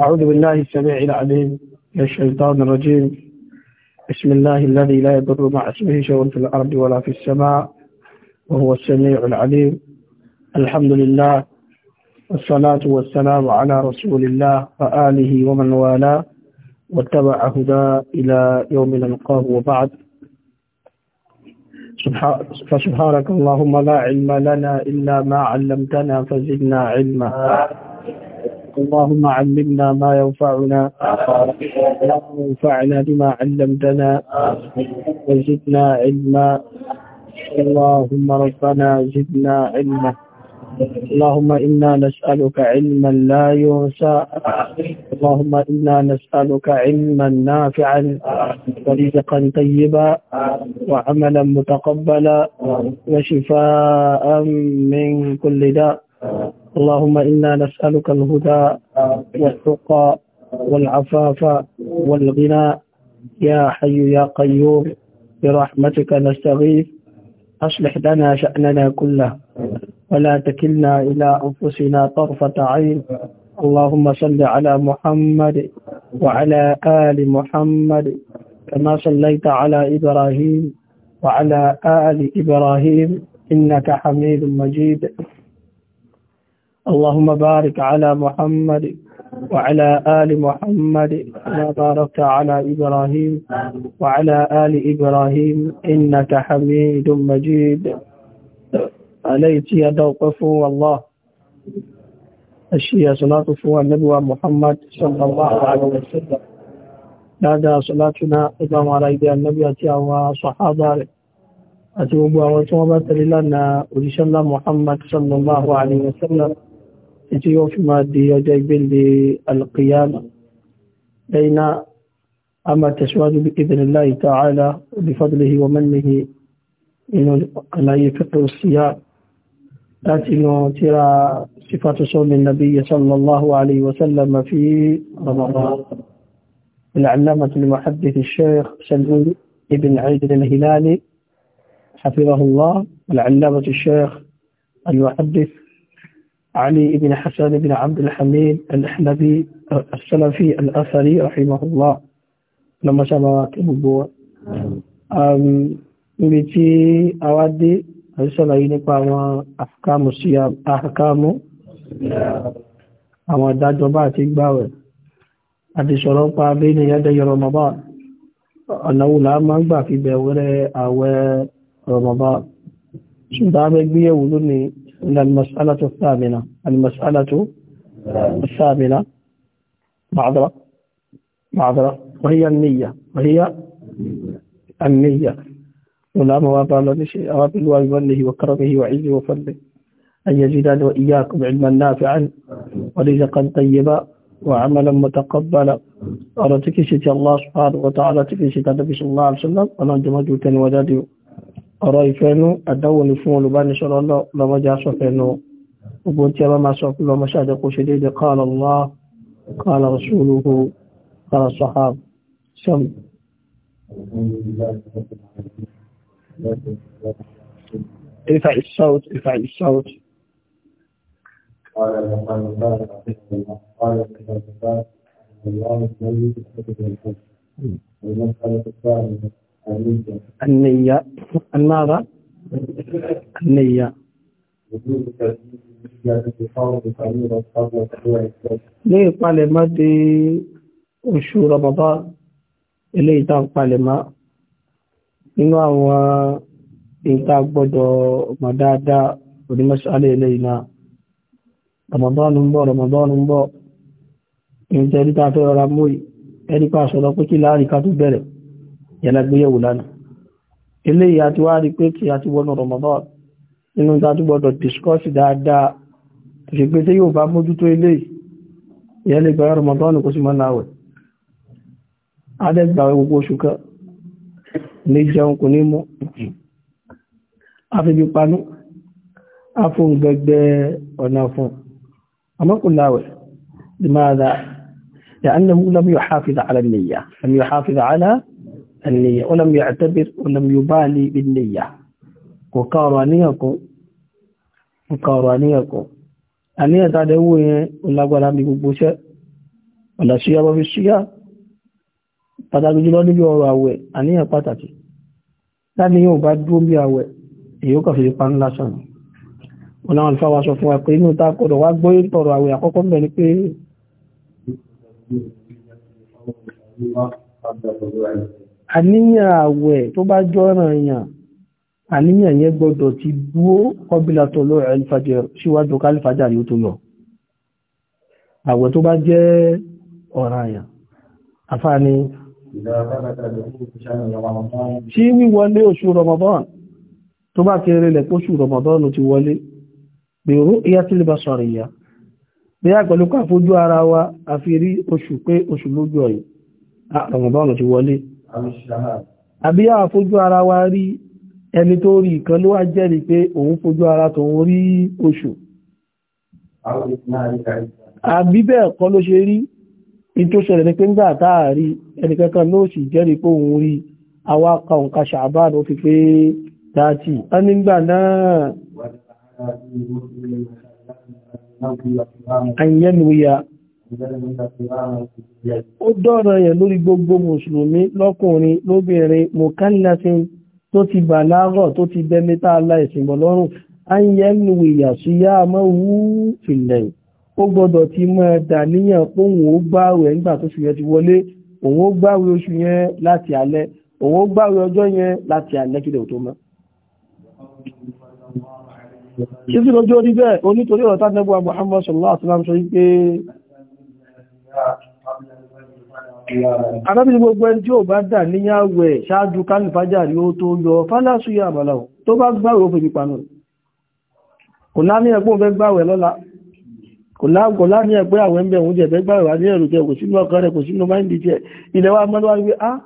أعوذ بالله السميع العليم من الشيطان الرجيم بسم الله الذي لا يضر مع اسمه شيء في الأرض ولا في السماء وهو السميع العليم الحمد لله والصلاة والسلام على رسول الله وآله ومن والاه واتبع هدى إلى يوم نلقاه وبعد فسبحانك اللهم لا علم لنا إلا ما علمتنا فزدنا علما اللهم علمنا ما ينفعنا وانفعنا بما علمتنا وزدنا علما اللهم ربنا زدنا علما اللهم إنا نسألك علما لا ينسى اللهم إنا نسألك علما نافعا ورزقا طيبا وعملا متقبلا وشفاء من كل داء اللهم إنا نسألك الهدى والتقى والعفاف والغنى يا حي يا قيوم برحمتك نستغيث أصلح لنا شأننا كله ولا تكلنا إلى أنفسنا طرفة عين اللهم صل على محمد وعلى آل محمد كما صليت على إبراهيم وعلى آل إبراهيم إنك حميد مجيد اللهم بارك على محمد وعلى آل محمد كما باركت على إبراهيم وعلى آل إبراهيم إنك حميد مجيد عليك يا دوقفو والله الشيء صلاة فو النبوة محمد صلى الله عليه وسلم لدى صلاتنا إذا ما رأيك النبي أتيا وصحابة أتوب وتوبة لنا ورسالة محمد صلى الله عليه وسلم إتيو في مادي جايب للقيامة بين أما التسواد بإذن الله تعالى بفضله ومنه إنه أنا يفقه الصيام لكن ترى صفة صوم النبي صلى الله عليه وسلم في رمضان العلامة المحدث الشيخ سلمان بن عيد الهلالي حفظه الله العلامة الشيخ المحدث علي بن حسن بن عبد الحميد الأحنبي السلفي الأثري رحمه الله لما سمعت الموضوع أم بتي أودي àti ṣàlàyé nípa àwọn àfikámù sí àfikámù àwọn ìdájọba àti gbáwẹ̀ àti sọ̀rọ̀ pa abẹ́ni yẹ́dẹ̀ Ramadan ọ̀nà wùlá máa ń gbà fi bẹ̀wẹ̀rẹ̀ àwẹ̀ Ramadan ṣùgbọ́n abẹ́ gbéyẹ̀wò lónìí ní al-mas'alatu thamina al-mas'alatu thamina ma'adara ma'adara وهي النية وهي النية ولا مواقع لنا شيء أرابل ومنه وكرمه وعزه وفضله أن يزيدنا وإياكم علما نافعا ورزقا طيبا وعملا متقبلا أرتك شتى الله سبحانه وتعالى تكشت النبي صلى الله عليه وسلم أنا جمجو تنودادي أرأي فانو أدوني فون لباني صلى الله لما جاء صفانو وقلت يا ما صف الله شادق شديد قال الله قال رسوله قال الصحابة سم ارفع الصوت ارفع الصوت قال قال النية ماذا؟ النية ليه طالما دي وشو رمضان اللي طالما nínú àwọn ìta gbọ́dọ̀ mọ̀ dáadáa onímọ̀ṣálẹ̀ ilé iná ramadanu ń bọ̀ ramadanu ń bọ̀ ìjẹ́ níta fẹ́ rọra mú ẹni pa àṣọlọ pé kí láàrín ká tó bẹ̀rẹ̀ yẹnagbéyẹ̀wò lánàá eléyìí àti ramadan nínú ta tó gbọ́dọ̀ discourse dáadáa tó ṣe pé tí yóò bá mójútó ramadan kó sì mọ́ náà wẹ̀ adẹ́gbàwẹ̀ gbogbo ní jẹun kò ní mọ́ afẹ́bí panú afún gẹ́gẹ́ ọ̀nà fún ọmọkùnláwẹ̀ لماذا لأنه لم يحافظ على النية لم يحافظ على النية ولم يعتبر ولم يبالي بالنية وقارانيكم وقارانيكم àníyàn tàbí owó yẹn olágbára ní gbogbo iṣẹ́ ọ̀dà síyá bọ́ fi síyá pàtàkì jùlọ níbi ọ̀rọ̀ àwẹ̀ àníyàn pàtàkì láti yóò bá dúró bí àwẹ̀ èyí kàn fi ipa ńlá sàn wọn láwọn alfa wa sọ fún wa pé inú ta kọ̀dọ̀ wá gbọ́ ìtọ̀rọ̀ àwẹ̀ àkọ́kọ́ mẹ́ ni pé àníyàn àwẹ̀ tó bá jọ́ràn èèyàn àníyàn ti dúó kọbílà tọ́lọ́ ẹlifàjẹ́ síwájú kálífàjà yóò tó lọ àwẹ̀ tó bá àfáà ni tí wíwọlé oṣù Ramadan tó bá kéré lẹ̀ póṣù Ramadan ló ti wọlé bèrú iya tí lè bá sọ̀rọ̀ ìyá bí a pẹ̀lú ká fojú ara wa a fi rí oṣù pé oṣù lójú ọ̀yìn Ramadan ló ti wọlé àbí a fojú ara wa rí ẹni tó rí ìkan ló wá jẹ́rìí pé òun fojú ara tòun rí oṣù àbí kọ́ ló ṣe rí tó ṣẹlẹ̀ ní pé ń gbà táàrí ẹnìkankan ló sì jẹ́rìí pé òun rí àwa ka òǹkà ṣàbáàdì ó fi pé dáàtì a nígbà náà àyẹ́nuya ó dọ́rọ̀ yẹn lórí gbogbo mùsùlùmí lọ́kùnrin lóbìnrin mọ̀kánlẹ́sìn tó ti bàlágọ̀ tó ti bẹ́mítà aláìsìnbọ̀ lọ́rùn àyẹ́nuya síyá mọ́ wú fìlẹ̀yìn ó gbọ́dọ̀ ti máa dàníyàn pé òun ó gbààwẹ̀ nígbà tó oṣù yẹn ti wọlé òun ó gbààwẹ̀ oṣù yẹn láti alẹ́ òun ó gbààwẹ̀ ọjọ́ yẹn láti alẹ́ kílẹ̀ tó mọ́. ṣé sí lójú orí bẹ́ẹ̀ onítorí ọ̀rọ̀ tánẹ́bù Muhammad sallallahu alaihi wasallam sọ wípé arábìnrin gbogbo ẹni tí ó bá dà níyàwẹ̀ ṣáájú kálífàjà rí ó tó yọ fálásù yà àbàlà tó bá gbààwẹ̀ ó fi panu kò náà ní ẹgbẹ́ fẹ́ gbààwẹ̀ lọ́la kò láàrin ẹgbẹ́ àwọn ẹgbẹ́ òun jẹ̀bẹ́ gbà wà ní ẹ̀rù jẹ kò sínú ọkàn rẹ̀ kò sínú máìndì jẹ ilẹ̀ wa mọ́lá wípé á ah,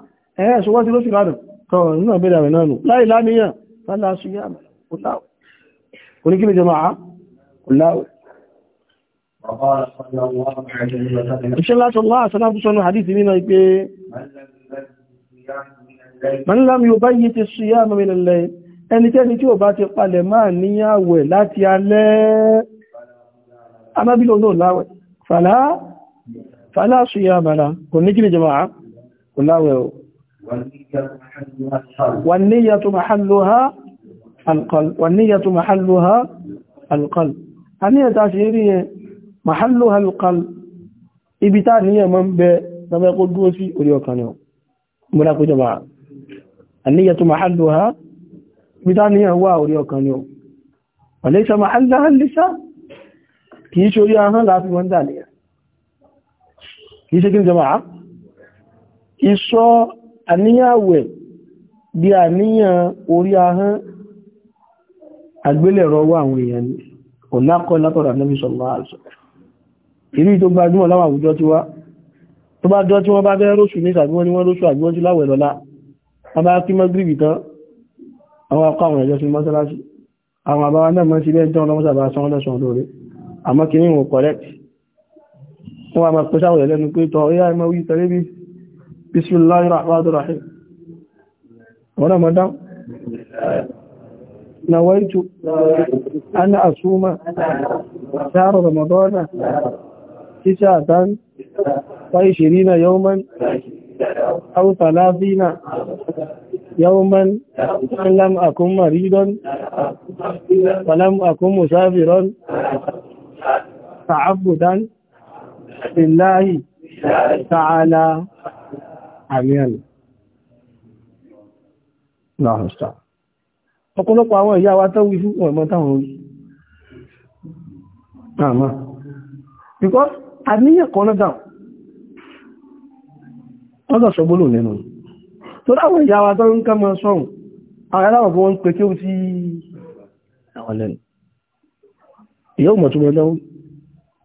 ẹ̀ẹ́ ṣọwọ́ sí lóṣù lánà kan nínú àbẹ́dà rẹ̀ náà nù láì láníyàn lálá ṣúyàmù kò láwẹ̀ kò ní kí ni jọmọ́ á kò láwẹ̀ Iṣẹ́ láti Allah àṣánà fún أما أذون لا فلا فلا صيام له كنجم جماعة ولا والنية محلها القلب والنية محلها القلب النية تاشيرية محلها القلب إبتان هي من ب لما يقول جوسي كانوا ملاكو جماعة النية محلها إبتان هي هو كانوا وليس محلها اللسان kìí ṣe orí ahán láti wọ́n dàlẹ̀ kìí ṣe kí n jẹmọ́ ìṣọ́ àníyàwẹ̀ bí àníyàn orí ahán àgbélẹ̀rọ wà àwọn èèyàn ni ọ̀nà kọ́ látọ̀rọ̀ ànábì sallallahu alaihi wasallam ìrí tó gbajúmọ̀ láwọn àwùjọ tí wá tó bá jọ tí wọ́n bá bẹ́ẹ̀ róṣù ní ìsàgbọ́n ni wọ́n róṣù àgbọ́n tí láwẹ̀ lọ́lá wọ́n bá kí mọ́gírìbì tán àwọn akọ àwọn ẹ̀jọ́ sí mọ́sálásí àwọn àbáwọn náà mọ́ sí ilé ẹjọ́ ọlọ́mọ́sàbá sanwó lẹ́sàn àmọ́ kí ní wọn kọ̀lẹ́tì wọ́n a máa kọ́ sáwọn ẹ̀lẹ́nu pé tọ́ ẹ̀yà ẹmọ wí tẹ́lé bí bismillahir rahmanir rahim wọ́n mọ̀ dá nawaitu ana asuma يوما لم أكن مريضا ولم أكن مسافرا tààbùdán لله تعالى àmìyàn láhùsá ọ̀pọ̀lọpọ̀ àwọn ìyá wa tán wí fún ọ̀mọ̀ táwọn orí àmà because àníyàn kan náà dáun wọ́n tọ́ ṣọgbólò nínú tó dáwọn ìyá wa tán ń ká mọ́ sọ́run àwọn aláwọ̀ bọ́ ń pẹ kí ó àwọn lẹ́nu ìyá ò mọ̀ tó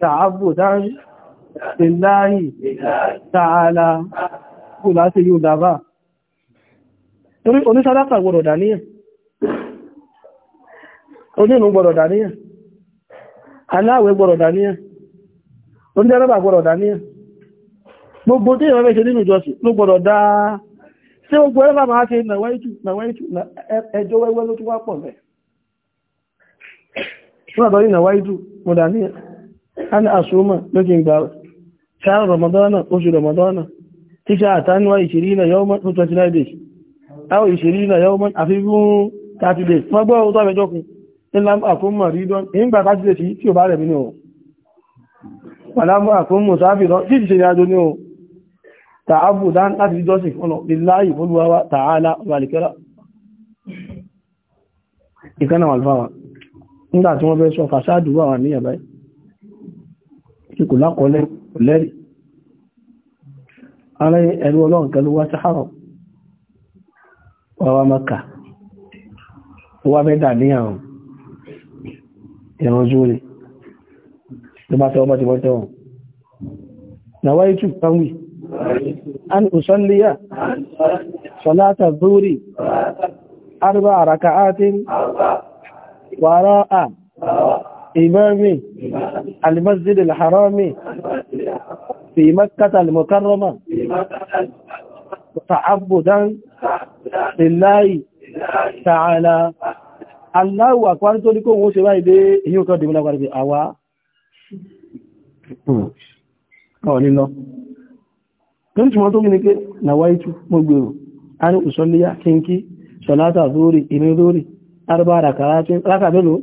تعبدا لله تعالى kò láti yóò dábà torí gbọdọ̀ dàníyàn onínú gbọdọ̀ dàníyàn aláwẹ̀ gbọdọ̀ dàníyàn onídẹ́rẹ́bà gbọdọ̀ dàníyàn gbogbo tí ìrọ̀lẹ́ ṣe nínú ìjọsìn ló gbọdọ̀ dá tí ó gbọ́ ẹ̀lá máa ṣe ẹjọ́ wẹ́wẹ́ ló tún wá pọ̀ an asuma lókin gbà shahar ramadana oṣù ramadana tisha àtànúwà ìṣirínà yawman fún 29 days aw ìṣirínà yawman àfi fún 30 days fọ́gbọ́ ọ̀tọ́ àmẹ́jọ́kùn ìlàmù àkúnmọ̀ rídọ́n ìyìn gbà 30 days tí ò bá rẹ̀ mí ní o pàlámù àkúnmọ̀ sáfìrọ́ tí ti ṣe ní ajo ní o tààbùdán láti jọ́sìn ọ̀nà ìláyì olúwawa tààlà wàlìkẹ́rà ìkánà wàlfàwà nígbà tí wọ́n fẹ́ sọ fàṣádùú àwọn àníyàn báyìí tí kò lákọọ́lẹ̀ lẹ́rì ara ẹ̀rù ọlọ́run kan ló wá sí haram wàwá maka wà mẹ́ta ní àrùn ìrànjú rẹ̀ ló bá tẹ́wọ́ bá ti bọ́tẹ́ wọn na wáyé tù kánwì an usalliya salata zuri arba raka'atin wara'a إمامي المسجد الحرام في مكة المكرمة تعبدا لله تعالى الله أكبر تقولكم هو سواء دي هيو كان دمنا قربي أوا أو نينو كنت ما تقولي نك نوايت مغيرو أنا أصلي يا كينكي صلاة ظهري إمي ظهري أربع ركعات ركعة بلو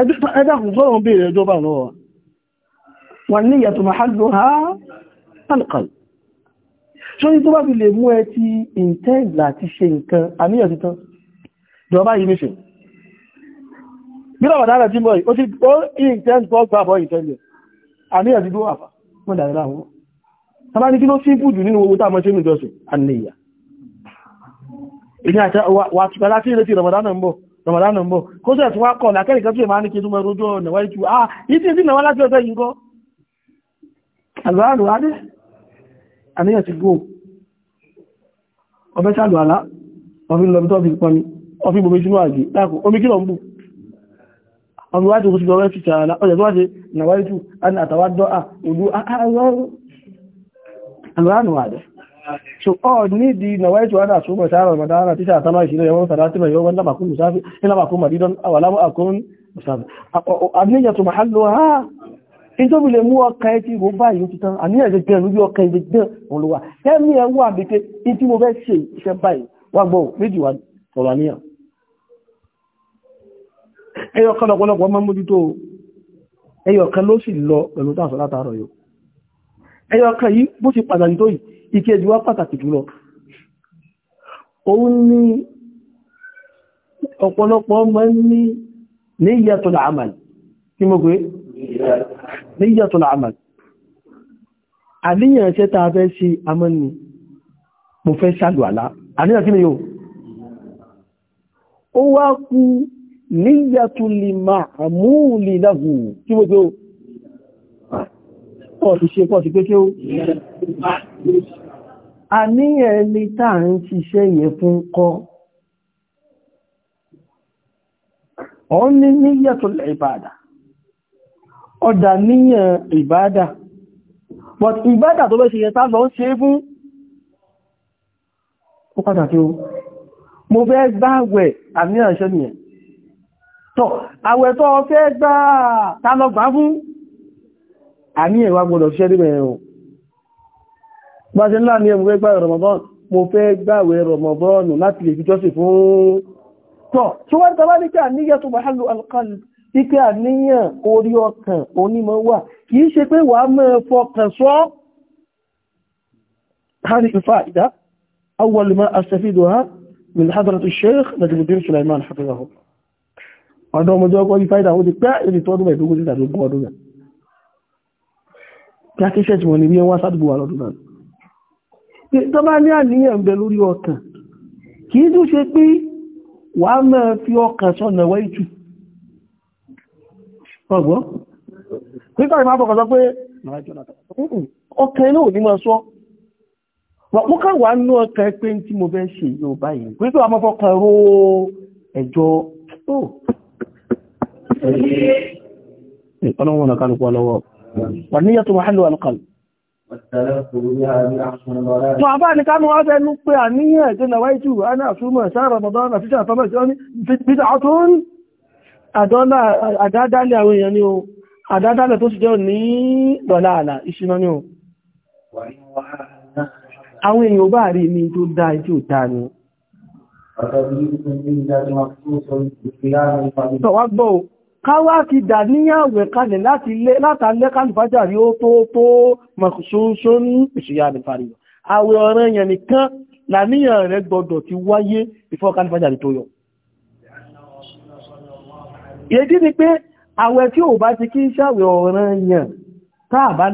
ẹ̀dàkùn sọ́rọ̀ bèèrè ìjọba lọ́wọ́ wà ní ìyàtọ̀ mahallu ha alkal ṣó ní tó bá fi lè mú ẹ ti intent láti ṣe nǹkan àníyàn ti tán jọba yìí ní ṣe bílọ̀ wàdára tí mọ́ ó ti ó intent tó gbà bọ́ ìtẹ́lẹ̀ àníyàn ti dúwà fà mọ́ dàrí láwọn tàbá rọ̀mọ̀dánù ń bọ̀ kó sẹ̀ tí wá kọ̀ lákẹ́rìkẹ́ tí èmà ní kí túnmọ̀ rújọ́ ọ̀nàwà ìtù ah ìtì ìdí ìnáwà láti ọjọ́ yìí kọ́ àlùwàlù adé àníyàn ti gbò ọbẹ̀ sàlù àlá ọfí lọ tó fi pọnmi ọfí gbogbo sínú àgbè láàkù omi kí lọ ń bù ọmọ wájú kó sí ọwẹ́ fi sàrà ọjọ́ ṣùkọ́ oh, nídi ìnàwó ẹ̀tù wádà ṣúgbọ̀n sára ọmọdára tí sàtàmà ìṣìlẹ̀ yọwọ́n sàdátìmẹ̀ yọwọ́n lábàkún màdídán àwàlámù àkún mùsàbí àníyàn tó máa lọ ha in tó bí lè mú ọkà ẹ tí ìwò báyìí ó ti tán àníyàn jẹ gẹ̀rù bí ọkà ìjẹ gẹ̀rù olùwà ẹ̀mí ẹ̀ wà bèkè in tí mo fẹ́ ṣe iṣẹ́ báyìí wà gbọ́ méjì wà ọ̀rọ̀ àníyàn ẹyọ kan lọ́pọ̀lọpọ̀ ọmọ mójútó ẹyọ kan ló sì lọ pẹ̀lú tàṣọ látàárọ̀ yóò ẹyọ kan yìí bó ti pàtàkì tó yìí ìkejì wá pàtàkì jùlọ òun ni ọ̀pọ̀lọpọ̀ ọmọ ní níyàtọ̀lá àmàl tí mo gbé níyàtọ̀lá àmàl àníyàn ṣe tàà fẹ́ sí amọ́ ni mo fẹ́ ṣàlù àlá àníyàn kí ni yóò ó wá kú níyàtọ̀lì ma'amúlì láhù tí mo gbé ó pọ̀ ti ṣe pọ̀ ti pé kí ó a ní ẹni tá à ń ṣiṣẹ́ yẹn fún kọ́ ọ ní níyàtul ìbádà ọ̀dà níyàn ìbádà but ìbádà tó bẹ́ ṣe yẹn tá lọ ṣe fún ó pàtàkì o mo fẹ́ gbààwẹ̀ àníyàn iṣẹ́ nìyẹn tọ́ àwẹ̀ tó fẹ́ gbà tá lọ gbà fún àníyàn wa gbọ́dọ̀ ṣiṣẹ́ ẹ̀rùn bá ṣe ńlá ní ẹmù fẹ́ gbáwẹ̀ Ramadan mo fẹ́ gbáwẹ̀ Ramadan láti lè fi jọ́sìn fún tọ́ tí wọ́n tọ́lá ní kí àníyàn tó bá hálù alqalb ike àníyàn orí ọkàn onímọ̀ wà kì í ṣe pé wà á mọ́ fọkàn sọ́ هذه الفائدة أول ما أستفيدها من حضرة الشيخ نجم الدين سليمان حفظه ọ̀dọ́ ọmọdé ọkọ̀ yí fáìdà wọ́n ti pẹ́ èdè tó ọdún mẹ́ẹ̀dógún títà ló gbọ́ ọdún náà kí a kí ṣẹ́ tí wọ́n ní bí wọ́n wá sádùgbò wà lọ́dún náà tó bá ní àníyàn bẹ lórí ọkàn kì í tún ṣe pé wà á máa fi ọkàn sọ́nà wá ìtù ọgbọ́ pípọ̀ ìmá bọ̀kọ̀ sọ pé ọkàn inú ò ní máa sọ wọ́n ká wà ní ọkàn pé tí mo fẹ́ ṣe yóò báyìí pípọ̀ àmọ́ fọkàn ró ẹjọ́ tó ọlọ́wọ́n ọ̀nà kálùkù ọlọ́wọ́ wà níyàtọ̀ Wọ́n àbá ní ká mú wá fẹ́ ní pé àníyàn ẹ̀jẹ́ lọ jù á ní àṣúmọ̀ ìṣẹ́ Ramadan àti ṣàtọ́ mẹ́sí ọ́ní bídá ọ̀tún àdọ́lá àdádálẹ̀ àwọn èèyàn ni o, àdádálẹ̀ tó sì jẹ́ ní dọ̀lá àlà ìṣúná ni o. Àwọn èèyàn bá rí mi tó dá ìtí dá ni. Ọ̀tọ̀ káwá ti dà níyàwẹ̀ kalẹ̀ láti lé látàlẹ́ kálùfájà rí ó tó tó mọ̀ṣoṣo ní ìṣìyà àdìfàrí àwẹ̀ ọ̀rẹ́ yẹn nìkan làníyàn rẹ̀ gbọdọ̀ ti wáyé ìfọ́ kálùfájà rí tó yọ èdí ni pé àwẹ̀ tí ò bá ti kí ṣàwẹ̀ ọ̀rẹ́ yẹn táà bá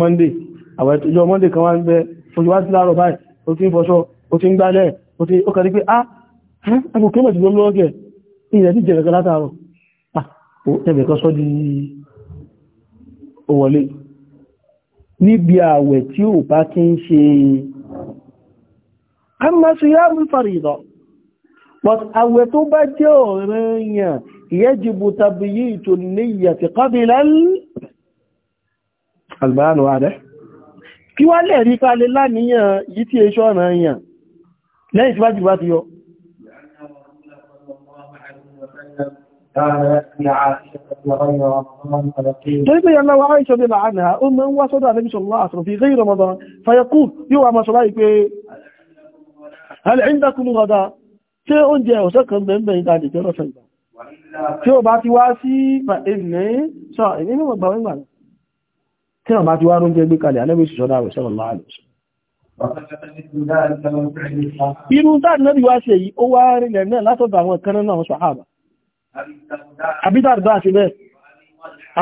Monday àwẹ̀ tó Monday kan wá ń bẹ oṣù sí láàárọ̀ báyìí o ti ń fọṣọ o ti ń gbálẹ̀ o ti ó kàrí pé á ah, ẹgbùn kí mọ̀tí lọ́mọ́ ọ̀gẹ̀ ilẹ̀ ti jẹ̀rẹ̀ látàrọ̀ ẹbẹ̀ kan ah, sọ́ di òwọlé níbi ààwẹ̀ tí ò bá kí ń ṣe amásù yá mú fàrí ìdọ̀ kí wá lẹ́rí palẹ̀ láníyàn yìí tí èṣọ́ ọ̀nà èèyàn lẹ́yìn tí wájú bá ti yọ Torípé yàlá wa Aisha bí la'ánà, ó mọ́ ń wá sọ́dọ̀ Ànábì sallallahu alaihi wasallam fi ghayri Ramadan, fayaqul yóò wà mọ́sọ̀lá ìpé, hal indakum ghada, ṣé oúnjẹ ọ̀sẹ̀ tí wọ́n bá ti wá rúnjẹ́ gbé kalẹ̀ alẹ́bí ìṣọ́dá rẹ̀ sọ́rọ̀ láàrín irú táàdì náà wá ṣe yìí ó wá rílẹ̀ náà látọ̀dọ̀ àwọn kan náà sọ̀hábà àbítàdì bá ṣe bẹ́ẹ̀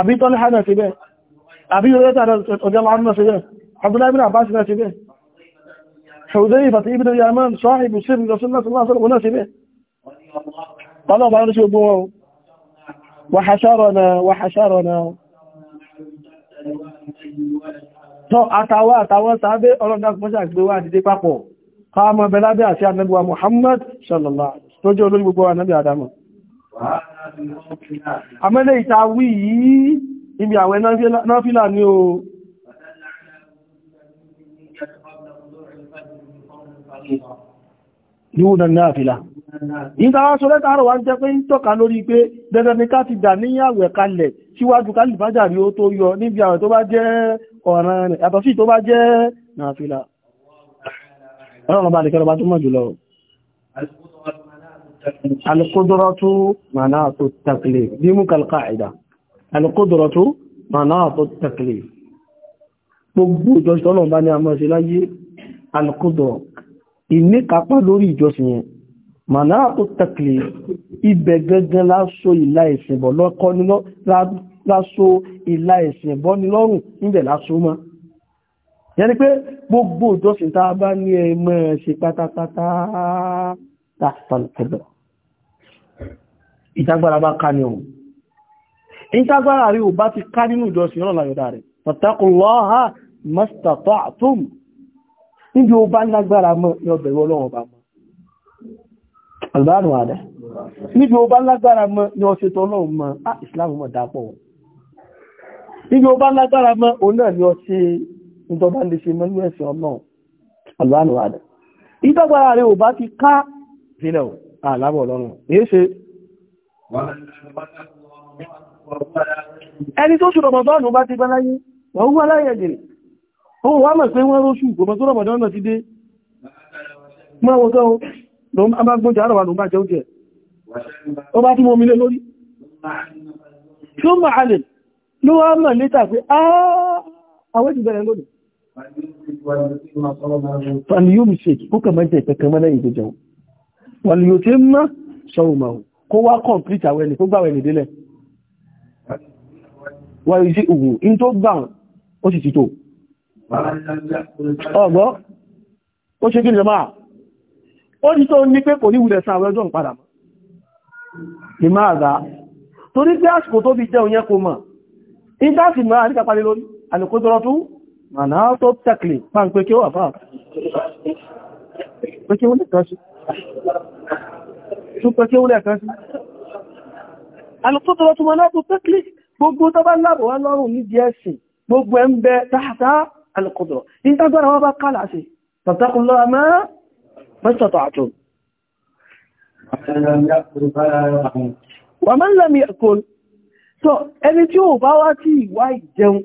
àbítọ́lẹ̀ hánà ṣe bẹ́ẹ̀ àbí orílẹ̀-èdè ọjọ́ láàrín náà ṣe bẹ́ẹ̀ Abdullahi ibn Abbas náà tọ́ àtàwà àtàwọn sàábé ọlọ́dàkùnmọ́sà gbé wá dìde papọ̀ káàmọ̀ bẹ̀lábẹ̀ àti ànàbíwà Muhammad sallallahu tó jẹ́ olórí gbogbo ànàbí Adamu àmẹ́lẹ̀ ìtawí yìí ibi àwẹ̀ náfílà ní o yíò náà náfílà ìgbà wá sọ lẹ́ta àrọ̀wà ń jẹ́ pé ń tọ́ka lórí pé dandan ni ká ti dà níyàwó ẹ̀kalẹ̀ síwájú kálìfájàrí ó tó yọ níbi àwọn tó bá jẹ́ ọ̀ràn rẹ̀ yàtọ̀ sí tó bá jẹ́ nàfílà ọ̀rọ̀ bá nìkẹ́rọ bá tó mọ̀ jùlọ mọ̀nà tó tẹ̀kìlì ibẹ̀ gẹ́gẹ́ láṣọ ìlà ìsìnbọ̀ lọ́kọ́ nílọ́ láṣọ ìlà ìsìnbọ̀ nílọ́rùn níbẹ̀ láṣọ mọ́ yẹni pé gbogbo ìjọsìn tá a bá ní ẹmọ́ ṣe pátápátá tàfàlùfẹ́lẹ̀ ìtagbára bá ká ní ohun ìtagbára rí ò bá ti ká nínú ìjọsìn ọ̀rọ̀ láyọ̀dá rẹ̀ fattaqullaha mastata'tum níbi ó bá lágbára mọ́ yọ bẹ̀rẹ̀ ọlọ́run bá mọ́ albarun àdá níbi o bá lágbára mọ́ ní ọ̀ṣẹ́ tọ́lọ́run mọ́ á ah, ìsìláàmù mọ̀ dápọ̀ níbi o bá lágbára mọ́ o náà ní ọ̀ṣẹ́ ìjọba lè ṣe mọ́ lẹ́sẹ̀ ọlọ́run albarun àdá ìtọ́gbára rẹ̀ ò bá ti ká sílẹ̀ àlábọ̀ ọlọ́run èé ṣe ẹni tó ṣùrọ̀ mọ̀tọ́nù bá ti bá láyé wọ́n wá láyé ẹ̀jẹ̀rẹ̀ ohun wá mọ̀ pé wọ́n róṣù gbọmọ̀ tó rọ̀mọ̀dọ́nà ló bá gbójá àrọ̀wà ló bá jẹ́ oúnjẹ ó bá tún mọ́ omi lé lórí tí ó máa lè ló wá mọ̀ létà pé ah, àwẹ́ ti bẹ̀rẹ̀ lónìí fàní yóò mi ṣe kó kà máa jẹ́ ìpẹ̀kẹ̀ mọ́ yìí sí ògùn in tó gbà ó sì ti tó ọgbọ́ ó ṣe kí ni jẹ ó ní tó ní pé kò ní wùlẹ̀ sáwọn ọjọ́ ìpadà mọ́ ìmáàdá torí pé àsìkò tó fi jẹun yẹn kò mọ̀ ìdáàsì máa ní kàpàlẹ̀ lórí àlùkójọ́rọ̀ tó màná tó tẹ́kìlì máa ń pé kí ó wà fáà pé kí ó lẹ́ẹ̀kan sí àlùkójọ́rọ̀ tó màná tó tẹ́kìlì gbogbo tó bá lábọ̀ wá lọ́rùn ní díẹ̀sìn gbogbo ẹ̀ ń bẹ táàtà àlùkójọ́rọ̀ ما استطعتم wàmán lámì ẹ̀kùn tó ẹni tí ó bá wá tí ìwá ìjẹun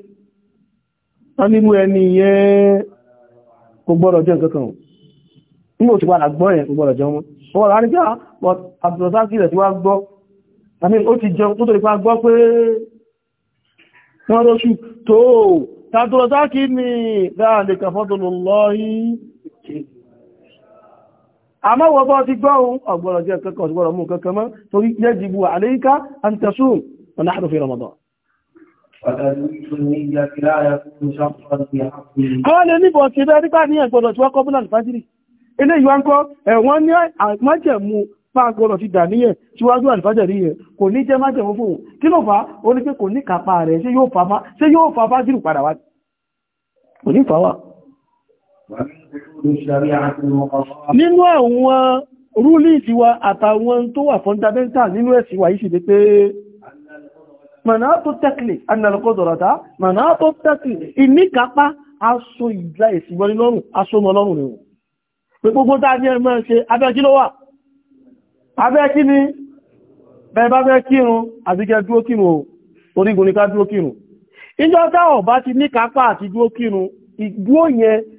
a nínú ẹni yẹn kò gbọ́dọ̀ jẹ́ ǹkan kan ní òtù padà gbọ́ yẹn kò gbọ́dọ̀ jẹun mọ́ ọwọ́ rán nígbà àbùsọ́sáàkì tí wá gbọ́ àmì ó ti jẹun tó torípa gbọ́ pé wọ́n lóṣù tó tàbùsọ́sáàkì àmọ́ wọ́n bọ́ ti gbọ́ ohun ọgbọ̀rọ̀ jẹ́ kankan ọ̀sùgbọ́rọ̀ mú kankan mọ́ torí yẹ́ jìbù àléíká àti tẹ̀sùn ọ̀nà àdúfì Ramadan. àwọn lè níbọ̀ sí ẹgbẹ́ nípa ní ẹgbọ̀dọ̀ tí wọ́n kọ́ búlọ̀ nípájírí ilé ìwáńkọ́ ẹ̀wọ́n ní àmájẹ̀mú fáàgọ́rọ̀ ti dà níyẹ̀ síwájú àlìfájẹ̀rí yẹ kò ní jẹ́ májẹ̀mú fún òun kí ló fà á ó ní Nínú àwọn rúlìsì wa àtàwọn tó wà fọ́ndábẹ́ntà nínú ẹ̀sì wà yìí sì dé pé mọ̀nà tó tẹ́kìlì, annàlùkọ́ dọ̀rọ̀ta, mọ̀nà tó tẹ́kìlì, ìníkapá aṣọ ìjà ìsìnbọn lọ́rùn, aṣọ mọ́ lọ́rùn rẹ̀. Pé gbogbo tá ní ẹmọ́ ṣe, abẹ́ kí ló wà? ni?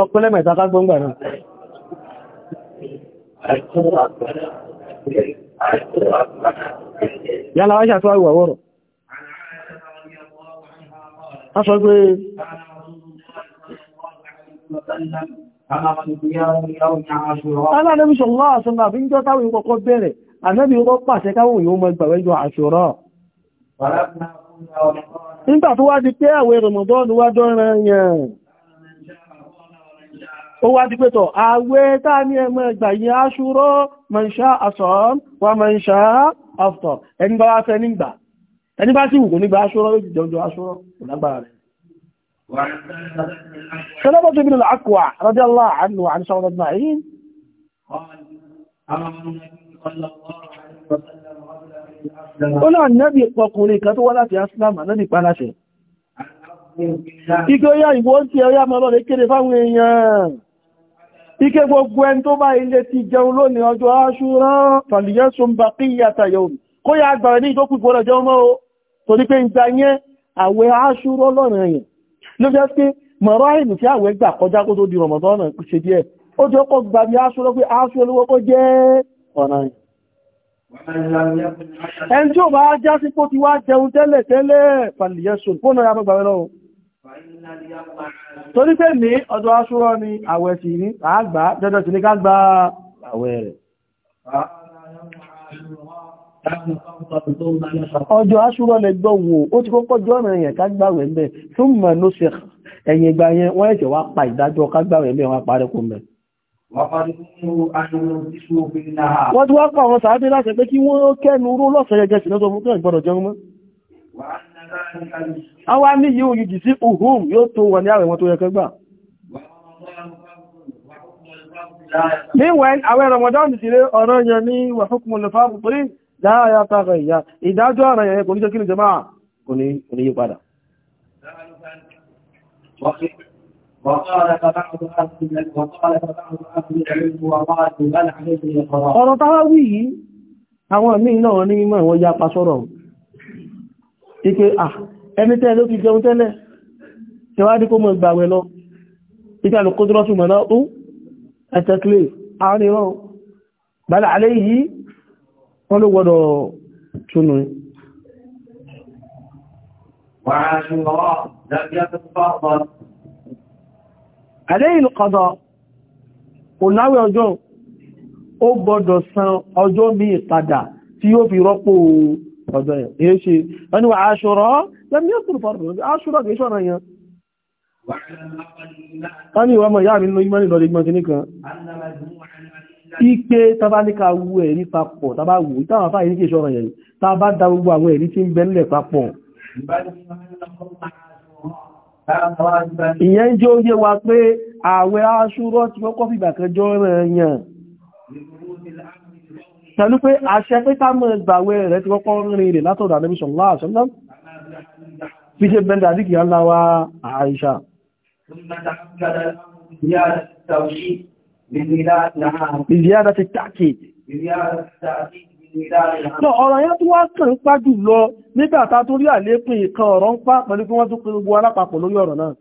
ọpẹlẹ mẹ́ta ká gbọ́ngbà náà yálà wáṣà tó àwọ̀ ọ̀rọ̀ a sọ pé aláàrẹ́bí sọ̀rọ̀ àṣọ́nà àfi ń jọ táwọn ìkọ̀kọ́ bẹ̀rẹ̀ àmẹ́bí ó pàṣẹ káwọn nígbà tó wá di pé àwẹ̀ Ramadan wájọ́ rẹ̀ yẹn ó wá di pẹ́tọ̀ àwẹ́ tá ní ẹmọ ẹgbà yí aṣúrọ́ mọ̀ṣá asọ́m wà mọ̀ṣá after ẹni bá wá fẹ́ nígbà ẹni bá sì wù kò nígbà aṣúrọ́ yóò jìjọ jọ aṣúrọ́ kò lágbára rẹ̀ ṣẹlẹ́bọ̀ tó bínú àkùwà rọ́díọ́lá àánú àníṣàwọn ọdún àyín ó ìwọ́n tí ọyá mọ́ kéde fáwọn èèyàn ike gbogbo ẹni tó bá ilé ti jẹun lónìí ọjọ́ aṣúra fàlìyẹ́sùn bá kí ìyàtà yóò kó yá agbàrẹ̀ ní ìjókù ìgbọ́rọ̀ jẹun mọ́ o tó ní pé ìgbà yẹn àwẹ̀ aṣúra lọ́rọ̀ yẹn ló di rọ̀mọ̀dọ́nà ṣe díẹ̀ ó jẹ́ kó gbà bí aṣúra pé aṣúra lówó kó jẹ́ ọ̀nà yẹn ẹni tí ó bá já sí pó torí pé ní ọjọ́ aṣúrọ́ ni àwẹ̀ sí ní àgbà jọjọ́ sí ní ká gba àwẹ̀ rẹ̀ ọjọ́ aṣúrọ́ lẹ gbọ́wò ó ti kọ́kọ́ jọ ọ̀rìn yẹn ká gbàwẹ̀ mẹ́ fún mọ̀ ló ṣe ẹ̀yìn ìgbà yẹn wọ́n ẹ̀ṣẹ̀ wá pa ìdájọ́ ká gbàwẹ̀ mẹ́ wọn parí kò mẹ́ wọ́n ti wá pa àwọn sàábé láti pé kí wọ́n kẹ́nu ró lọ́sẹ̀ẹ́jẹ́ lọ́sọ̀ fún a àwọn ní yíò yìí sí ohun yóò tó wà ní àwẹ̀ wọn tó yẹ kẹgbà níwẹ̀n àwẹ̀ Ramadan ti rẹ̀ ọ̀rọ̀ yẹn ní wà fúnkún olùfààbù torí láàáyà tààrà ìyá ìdájọ́ ara yẹn kò ní jẹ́ kí ní jẹ́ máa kò ní yí padà ọ̀rọ̀ táwà wí yìí àwọn míì náà ní mímọ̀ ìwọ̀n ya pa sọ́rọ̀ ipé ẹni tẹ́ ló ti jẹun tẹ́lẹ̀ tẹwàdí kó mọ̀ ìgbàwẹ̀ lọ ipé alùkódúrọ́sù mọ̀ náà ó ẹ̀tẹ́kìlẹ̀ àwọn ìrọ̀ bàdà alẹ́ yìí wọ́n ló gbọ́dọ̀ túnú alẹ́ ọjọ́ ó gbọ́dọ̀ san ọjọ́ mi padà tí yóò fi rọ́pò ọjọ́ yẹn èyí ṣe wọ́n ni wà aṣọ́rọ̀ lẹ́mí ọ̀tún fọ́rọ̀ aṣọ́rọ̀ kìí ṣọ́rọ̀ yẹn wọ́n ni ìwọ́mọ̀ ìyá mi nínú ìmọ̀ ìlọ́dẹ̀ ìgbọ́n kìíní kan ike tàbá ní ká wú ẹ̀rí papọ̀ tàbá wù táwọn afá ìríkè ṣọ́rọ̀ yẹn tàbá da gbogbo àwọn ẹ̀rí tí ń bẹ nílẹ̀ papọ̀ ìyẹn jẹ́ ó wa pé ààwẹ̀ aṣúrọ̀ ti kọ́kọ́ fìgbà kan jọ́ rẹ̀ pẹ̀lú pé àṣẹ pé ká mọ́ ìgbàwẹ̀ rẹ̀ ti kọ́kọ́ rìn rẹ̀ látọ̀dọ̀ Ànábì sallallahu alaihi wasallam fi ṣe bẹ́ndà àdíkì aláwà Àìṣà ìzíyádá ti tàkì ọ̀rọ̀ yẹn tó wá kàn ń pá jù lọ nígbàtà tó rí àlékún ìkan ọ̀rọ̀ ń pá pẹ̀lú kí wọ́n tó gbogbo alápapọ̀ lórí ọ̀rọ̀ náà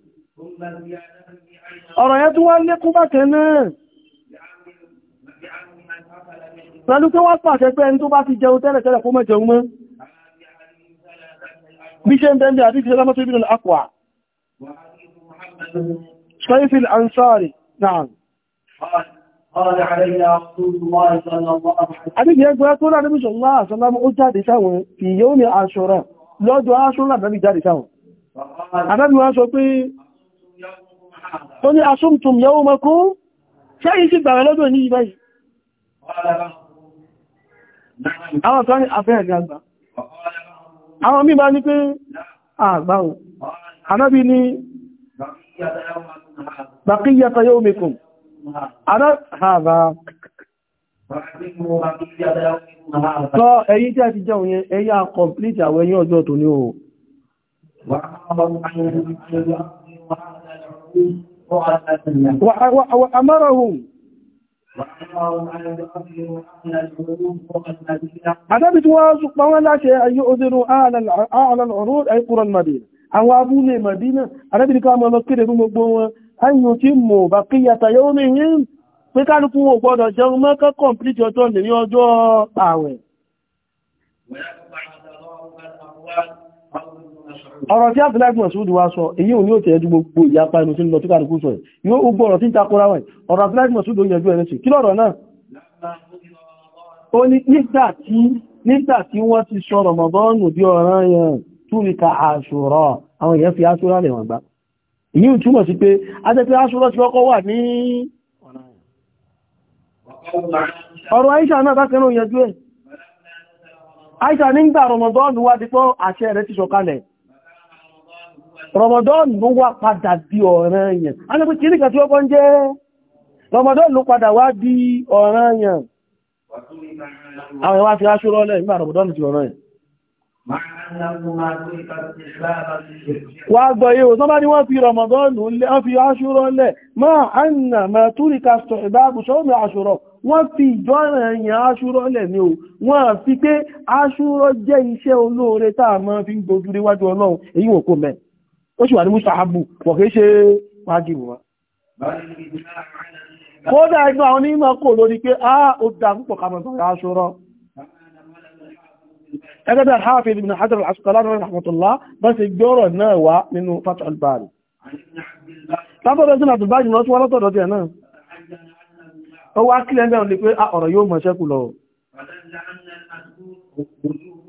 ọ̀rọ̀ yẹn tó wá lékún bákẹ́ náà pẹ̀lú pé wọ́n pàṣẹ pé ẹni tó bá ti jẹun tẹ́lẹ̀ tẹ́lẹ̀ kó má jẹun mọ́ bí ṣe ń bẹ́ndẹ̀ àti ìṣẹ́lá mọ́tò ìbìnà àkùwà ṣẹ́fìl ansari náà àdíjẹ́ ẹgbẹ́ tó láti bí ṣọ̀lá àṣọ́lámọ́ ó jáde sáwọn ìyẹ́ ó ní aṣọ́rà lọ́jọ́ aṣọ́lá àdábì jáde sáwọn àdábì wọ́n sọ ní ìbáyìí àwọn kan afẹ́ ẹ̀gá gbà àwọn mímá ní pé àgbáhùn anábi ni bàkíyàtà yóò mẹ́kùn àdáhàbà sọ èyí tí a ti jẹun yẹn ẹ̀yà complete àwọn ẹ̀yìn ọjọ́ tó ní o wà amárahùn Àdábì tí wọ́n sọ pa wọ́n láṣẹ ayé òdínú ààlàn ọ̀rọ̀ àìkúrọ̀ Màdínà. Àwọn abúlé Màdínà, àdábì ní ká mọ́ lọ kéde ní gbogbo wọn, ayùn tí mọ̀ bá kíyàtà yóò ní yìí pé kálùkù wọn jẹun mọ́kọ́ kọ̀m̀plítì ọ̀rọ̀ tí Abdullahi Masudu wá sọ èyí ò ní òtẹ̀ ẹjú gbogbo ìyapa ẹnu tí ń lọ tí kàrùkú sọ yóò gbogbo ọ̀rọ̀ tí ń takora wọ̀nyí ọ̀rọ̀ Abdullahi Masudu yẹjú ẹni sí kí lọ́rọ̀ náà ó ní nígbà tí wọ́n ti sọ Rọ̀mọ̀dọ́nù bí ọ̀ràn yẹn túrika àṣùrọ̀ àwọn èèyàn fi àṣùrọ̀ lè wọ̀n gbá Aisha náà bákanú yẹjú ẹ̀ Aisha nígbà Rọ̀mọ̀dọ́nù wá dípọ́ àṣẹ rẹ̀ ti sọ̀kalẹ̀ Ramadan ló wá padà di ọ̀ranyàn a ní pé kí níkà tí ó bọ́n jẹ́ Ramadan ló padà wá di ọ̀ranyàn àwọn ìwá fi aṣúrọ́ ọlẹ́ ìgbà Ramadan ti ọ̀ranyàn wà gbọ́ yíò tó bá ní wọ́n fi Ramadan lè máa anna ma túrika ìbáàbù sọ́mọ̀ aṣúrọ́ wọ́n fi ìjọ́ràn ẹ̀yìn aṣúrọ́ lẹ̀ ní o wọ́n fi pé aṣúrọ́ jẹ́ iṣẹ́ olóore táà máa fi gbójú níwájú Ọlọ́run èyí wò kó ó sì wà ní mùsàábù pọ̀ kìí ṣe wájìbù wọn kódà inú àwọn onímọ̀ kò lórí pé á ó dá púpọ̀ kàmọ̀tọ̀ aṣọ́rọ̀ ẹgbẹ́dà Hafiz ibn Hajar al-Asqalani rahmatullah bá ṣe gbọ́rọ̀ náà wá nínú Fath al-Bari tábọ̀dọ̀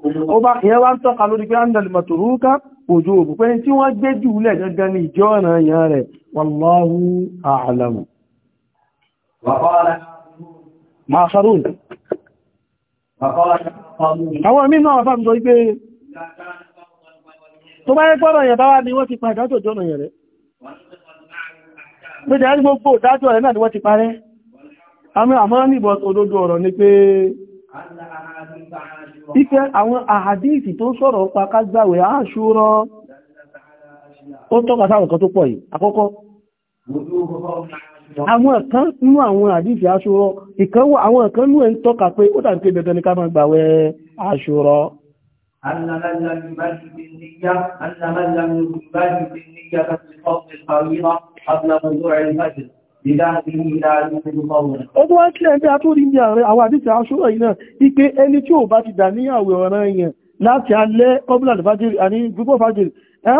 ìyẹn wá ń tọ́ka lórí pé andal maturuka ojú òbù pé tí wọ́n gbé jù lẹ̀ gangan ní ìjọ ọ̀nà ìyàn rẹ̀ wallahu a'lamu àwọn mí náà fà ń sọ pé tó bá yẹ pọ́rọ̀ ìyàn bá wá ní wọ́n ti pàdá tó jọ́nà ìyàn rẹ̀ pé jẹ́ gbogbo àmọ́ níbọ̀ òdodo ọ̀rọ̀ ni pé Ife àwọn àhàdíìsì tó sọ̀rọ̀ pa kágbàwẹ̀ Àṣúrà ó tọ́ka sáwọn kan tó pọ̀ yìí. Àkọ́kọ́, àwọn kan nú àwọn àdíìsì Àṣúrà, ìkánwò àwọn kan nú ń tọ́ka pé ó dàbí pé Ó tó wá kí ẹgbẹ́ àtórí ní ààrẹ àwọn àdíṣà aṣúrọ̀ yìí náà, ipé ẹni tí ò bá ti dà ní àwẹ̀ ọ̀ràn èèyàn láti alẹ́ kọbílà lèfàjìrì àní gbogbo fàjìrì, ẹ́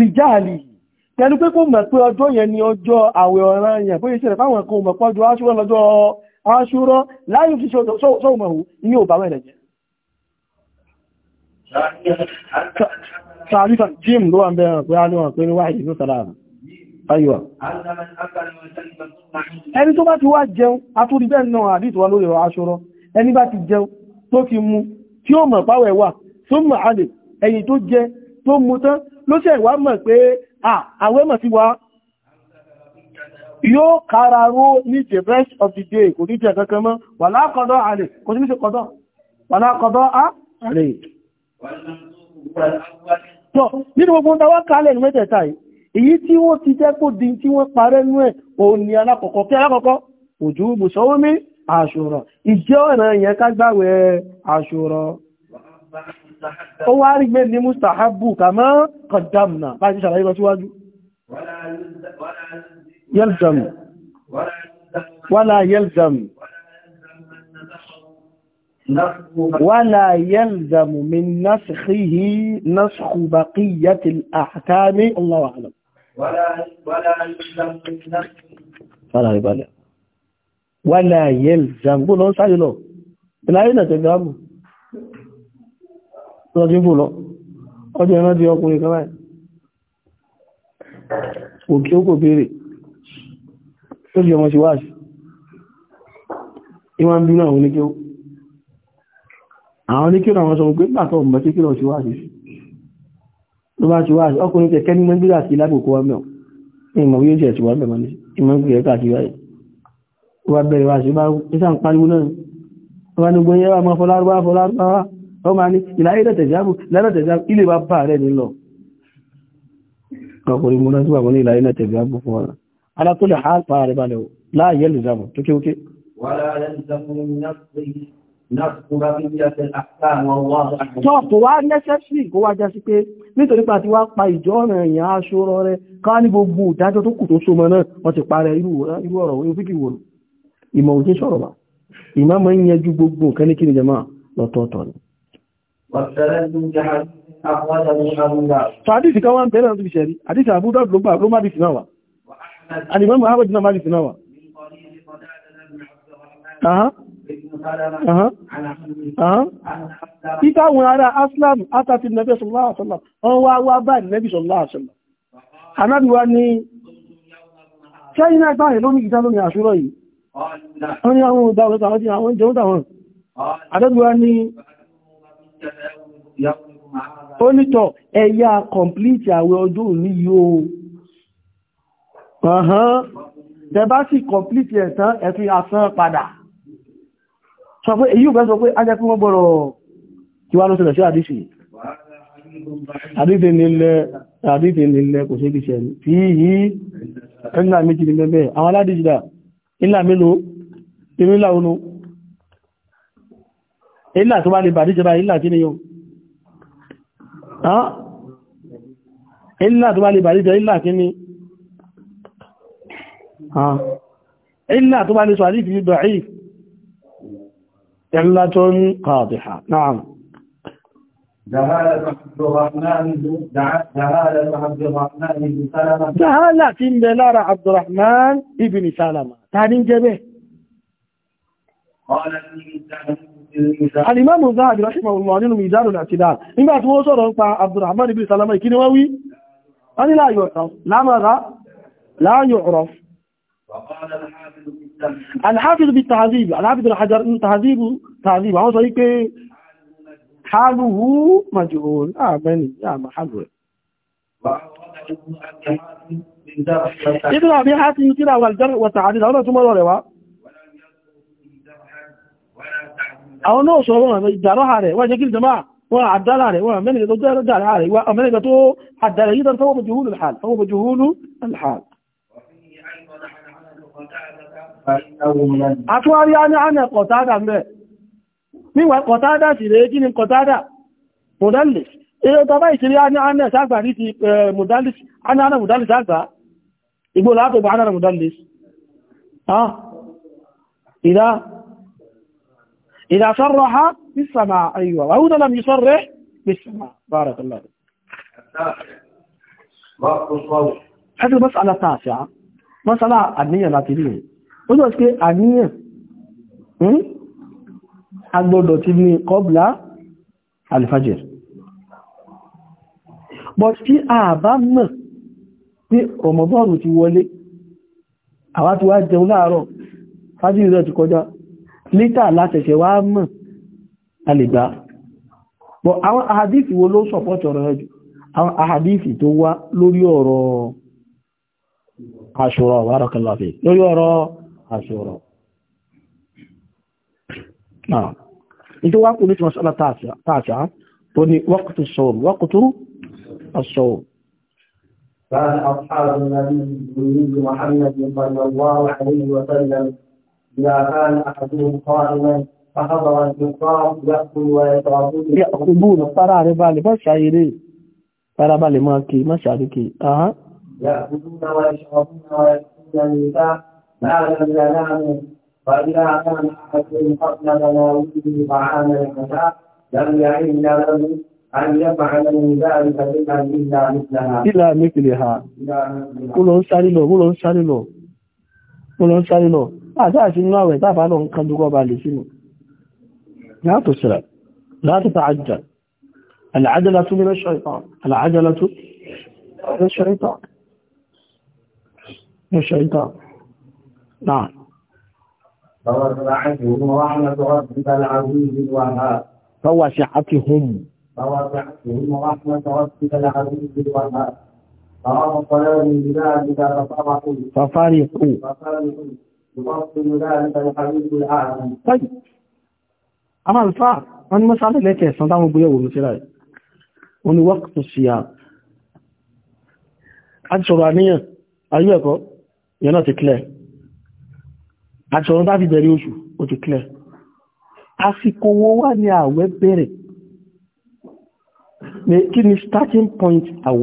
lìjáàlì. Tẹnu pé kó mọ̀ pé ọjọ́ yẹn ni ọjọ́ àwẹ̀ ọ̀ràn èèyàn, bóyá ìṣẹ̀lẹ̀ fáwọn kan mọ̀ pọ́jọ́ aṣúrọ̀ lọ́jọ́ aṣúrọ̀ láyé fi sọ́ọ̀mọ̀ ní ayọ̀ ẹni tó bá ti wá jẹun atúrí bẹ́ẹ̀ náà àdìtò wa lórí aṣọ́rọ̀ ẹni bá ti jẹun tó ti mu tí ó mọ̀ páwẹ̀ wà tó mọ̀ alè ẹ̀yìn tó jẹ tó mu tán ló ṣe ìwá mọ̀ pé àwẹ́ mọ̀ sí wa yóò kára ró ní the rest of the day kò ní jẹ kankan mọ́ wà lákọ̀dọ̀ alè kò sí ní ṣe kọ̀dọ̀ wà lákọ̀dọ̀ á alè tọ́ nínú gbogbo ta wá kálẹ̀ ní mẹ́tẹ̀ẹ̀ta yìí èyí tí wọ́n ti jẹ́ kó di tí wọ́n parẹ́ nú ẹ̀ òun ni alákọ̀ọ́kọ́ kí alákọ̀ọ́kọ́ òjú mùsọ́wọ́ mi àṣùrọ̀ ìjẹ́ ọ̀nà yẹn ká gbàwẹ̀ àṣùrọ̀ ó wá rí gbé ní mustahabu kàmọ́ kọ̀dámnà bá ti je ko wọ́n ti won pare ni e oun ni alakooko ki lọ wa ri gbe ni mustahabu kamo kodamna ba salaye lo siwaju wala yelzam min naskhihi naskhu baqiyati al-ahkami Allahu a'lam Fara ìbalẹ̀. Wàlá yẹl jàǹgbó lọ sáré lọ. Ìláyé nà tẹ̀gbà mù. Lọ sí fò lọ. Ọjọ́ ẹran di ọkùnrin kan báyìí. Òkè ó kò béèrè. Ó di ọmọ sí wáàsì. Ìwọ́n ń bínú àwọn oníkẹ́ àwọn oníkẹ́ àwọn sọ pé pàtó ọmọ tí kí lọ sí wáàsì sí ló bá ti wá ọkùnrin kẹ̀kẹ́ ní mọ́gbígbà sí lágbòkó wa mẹ́ọ̀ ní ìmọ̀ yóò ṣẹ̀ ti wá mẹ́mọ́ ní ìmọ̀ gbẹ̀rẹ̀ káàkiri wáyé wà bẹ̀rẹ̀ wá sí bá pẹ́sà ń pariwo náà wà ní gbogbo yẹ́wà mọ́ fọlárúbá fọlárúbá wọ́n máa ní ìlàyé tẹ̀jáàbù lẹ́rẹ̀ tẹ̀jáàbù ilé bá bá rẹ̀ nílọ ọkùnrin múná sí wàwọn ìlàyé tẹ̀jáàbù fún ọ̀rọ̀ alákùnrin àpá rẹ̀ balẹ̀ láàyè lè jàmù tókè Tọ́pù wá nẹ́sẹ̀sì kó wá jẹ́ sí pé nítorí pàtí wá pa ìjọ ọ̀nà èèyàn aṣòrọ rẹ ká ní gbogbo ìdájọ́ tó kù tó so mọ́ náà wọ́n ti parẹ irú ọ̀rọ̀ orí fíkì wòrò. Ìmọ̀ òjé sọ̀rọ̀ bá. Ìmọ̀ mọ́ ń yẹjú gbogbo nǹkan ní kíni jẹmọ́ lọ́tọ̀ọ̀tọ̀ ni. Fàdísì kan wá ń bẹ̀rẹ̀ láti fi ṣẹ̀rí. Àdísì àbúdá ló gbà ló má bí sinà wà. Àdìmọ́ Uh-huh. Uh-huh. Títà àwọn ará Aslam, Asàfi Nàbí Sallallahu Alaihi Wasallam, wọ́n wá wá báyìí Nàbí Sallallahu Alaihi Wasallam. Anábíwá ni, Ṣẹ́yìnà ìbáyẹ̀ lórí ìdá lórí àṣúrọ̀ yìí. Wọ́n ni àwọn ìdáwọ̀ta àwọn jẹun dáwọn. Adájúwá ni, ó nítọ̀ ẹ̀yà kọ̀m̀plíìtì àwẹ̀ ọjọ́ òní yóò. Tẹ bá sì kọ̀m̀plíìtì ẹ̀tán ẹ̀fin asán padà sọ pé èyí ìgbẹ́ sọ pé ajẹ́ kí wọ́n gbọ́rọ̀ kí wá ló ṣẹlẹ̀ sí àdíṣì àdíṣì nílẹ̀ kò ṣe kìṣẹ̀ tí yìí ẹ̀nà méjì ní mẹ́bẹ̀ àwọn aládìjìdà ilá mélòó ìrìnlá oòrùn ilá tó bá lè bà díjọba ilá kí níyàn ilá tó bá lè bà díjọ ilá kí ní ilá tó bá lè sọ àdíṣì علة قاضحة نعم جهالة عبد الرحمن جهالة عبد الرحمن بن سلمة جهالة عبد الرحمن بن سلمة تعني جبه قال الإمام الذهبي رحمه الله عنه ميزان الاعتدال إما توصل عبد الرحمن بن سلمة كني ووي أنا لا يعرف لا ماذا لا يعرف وقال الحافظ الحافظ بالتعذيب الحافظ الحجر تعذيب تعذيب هو صحيح كي حاله مجهول اه بني يا آه، محمد اقرا بها في كلا والجر والتعذيب هذا ثم الرواه او نو صوبا جارو هاري واجي كل جماعه هو عبد الله هاري ومن يدور دار هاري ومن يدور حد يقدر فهو مجهول الحال فهو مجهول الحال àtúwárí á ní ánà kọ̀tádà mẹ́ níwà kọ̀tádà sì rẹ̀ kí ni kọ̀tádà mọ̀dálì èyí tọba ìṣẹ́rí á ní ánà sàgbà ní ti mọ̀dálì sàgbà igbó látọ̀gbà ánà mọ̀dálì إذا صرح بالسماء أيوة وهنا لم يصرح بالسماء بارك الله هذه المسألة التاسعة مسألة أدنية لاتينية ó jọ ṣe àníyàn hmm? agbọ́dọ̀ ti ní kọbla alifajir but tí a bá mọ̀ pé ọmọbọ́rù ti wọlé àwa ti wá jẹun láàárọ̀ fájìrì rẹ̀ ti kọjá lítà látẹ̀ṣẹ̀ wá mọ̀ alìgbà but àwọn àhàdífì wo ló sọ̀pọ̀tì ọ̀rọ̀ ẹjù àwọn àhàdífì tó wá lórí ọ̀rọ̀ àṣùrọ̀ wárọ̀kẹ́lọ́fẹ́ lórí ọ̀rọ̀ àṣọ́rọ̀. Ìjọ wá kú ní tí wọ́n sọ́lá tààṣà tó ní wọ́kùtù sọ́rọ̀, wọ́kùtù sọ́rọ̀. كان أصحاب النبي محمد صلى الله عليه وسلم إذا كان أحدهم قائما فحضر الكفار يأكل ويشربون يأكلون ترى ربالي ما شعيري ترى بالي ما كي ما شعيري كي أها يأكلون ويشربون ويأكلون النساء ما لم يناموا وإذا كان أحدهم قبل بلاويه طعاما فتاه لم يعن له أن يفعل من ذلك شيئا إلا مثلها إلا مثلها kó lọ ń sáré lọ kó lọ ń sáré lọ kó lọ ń sáré lọ àtàṣì inú àwẹ̀ tàbà lọ nǹkan tó gọba lè sínú yàtọ̀ síra láti ta àjà àlàájẹ́lá tó lè rẹ́ṣọ́ ìtàn àlàájẹ́lá tó rẹ́ṣọ́ ìtàn نعم فوسعتهم رحمة ربك العزيز الوهاب فوسعتهم فوسعتهم رحمة ربك العزيز الوهاب فأرسلوا من ذلك ففرحوا ففرحوا ففرحوا يفصل ذلك الحبيب العالم طيب أما الفار أنا مسألة لك سنتعمل بيه ومسيرة wọn ni wọ́kùtù síyá a ti sọ̀rọ̀ àníyàn ayú ẹ̀kọ́ yẹn náà ti clear àṣọ̀rọ̀ bá fi bẹ̀rẹ̀ oṣù ó ti clear àsìkò wo wá ní ààwẹ̀ bẹ̀rẹ̀ kí ni starting point ààwẹ̀